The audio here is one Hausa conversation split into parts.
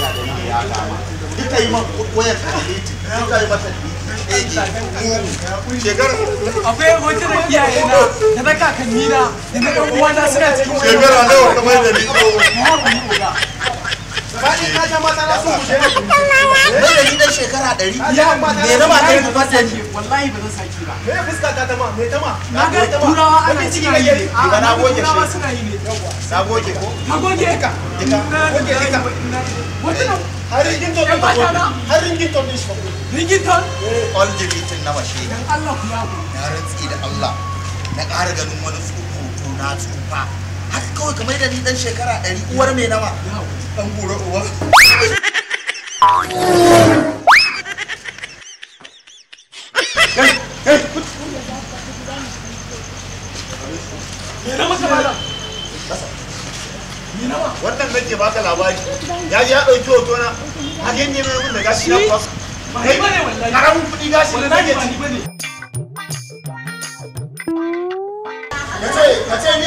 lafiya da ni akwai hotunan iyaye na da na kakanni na da na ɗan na suna cikin wani shekarar nawa kamar da ni ko bayan ka ja mata na sun guje da ni dan shekara 100 me na ba ta ba ta ni wallahi ba zan saki ba me fuska ta ta me tama. na ga turawa ana ciki ga yare ba na goge shi suna yi ne na goge ko na goge ka goge ka wannan eh, har ringin ton ba har ringin ringin eh. all the na mashi Allah ku ya ku na rantsi da Allah na ƙara ganin wani tsoho to na tsufa haka kawai kamar da ni dan shekara ɗari uwar mai nama uwa wannan nake baka labari ya ji ya ɗauki hoto na a yi mai da gashi na kwas kai bane wallahi kuɗi gashi na nake ci bane ka ce ni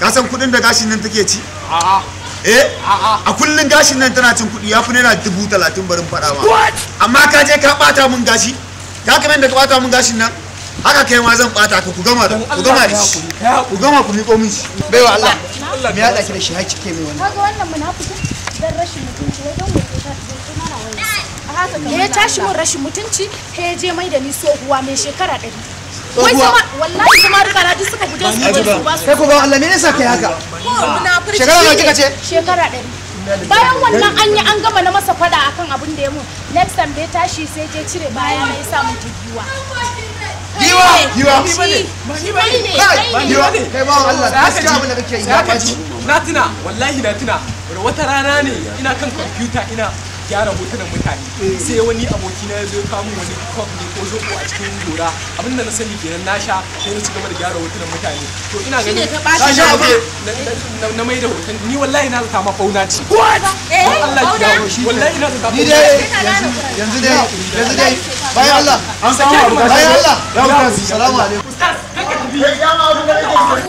ka san kudin da gashin nan take ci a'a eh a kullun gashin nan tana cin kudi yafi naira dubu talatin barin fada ma amma ka je ka bata mun gashi ka kamar da ka bata mun gashin nan haka kai ma zan bata ka ku gama da ku gama da ku gama ku miƙo min shi baiwa Allah Allah me ya dake da shi har kike mai wannan kaga wannan munafikin dan rashin mutunci wai don wai ta ya tashi mun rashin mutunci sai ya je mai da ni so uwa mai shekara 100 wai sama wallahi kuma duka na duk suka fito su ba su kai ko ba Allah me yasa kai haka shekara nawa kika ce bayan wannan an yi an gama na masa fada akan abin da ya mun next time bai tashi sai je cire bayan ya sa mun giwa giwa giwa giwa kai ba Allah gaskiya abin da kake yi na tuna wallahi na tuna wata rana ne ina kan kwamfuta ina gyara hotunan mutane eh. sai wani aboki na zo kawo min wani cup ne ko zobo a cikin gora abinda na sani kenan na sha sai na ci gaba da gyara hotunan mutane to ina gani na sha abu na na mai da hoton ni wallahi na zata ma fauna ce eh, eh, Allah ya dawo shi wallahi na zata ni dai yanzu yanzu dai yanzu dai bai Allah an samu bai Allah ya wuce salamu alaikum ustaz kake tafi ya ma abu da yake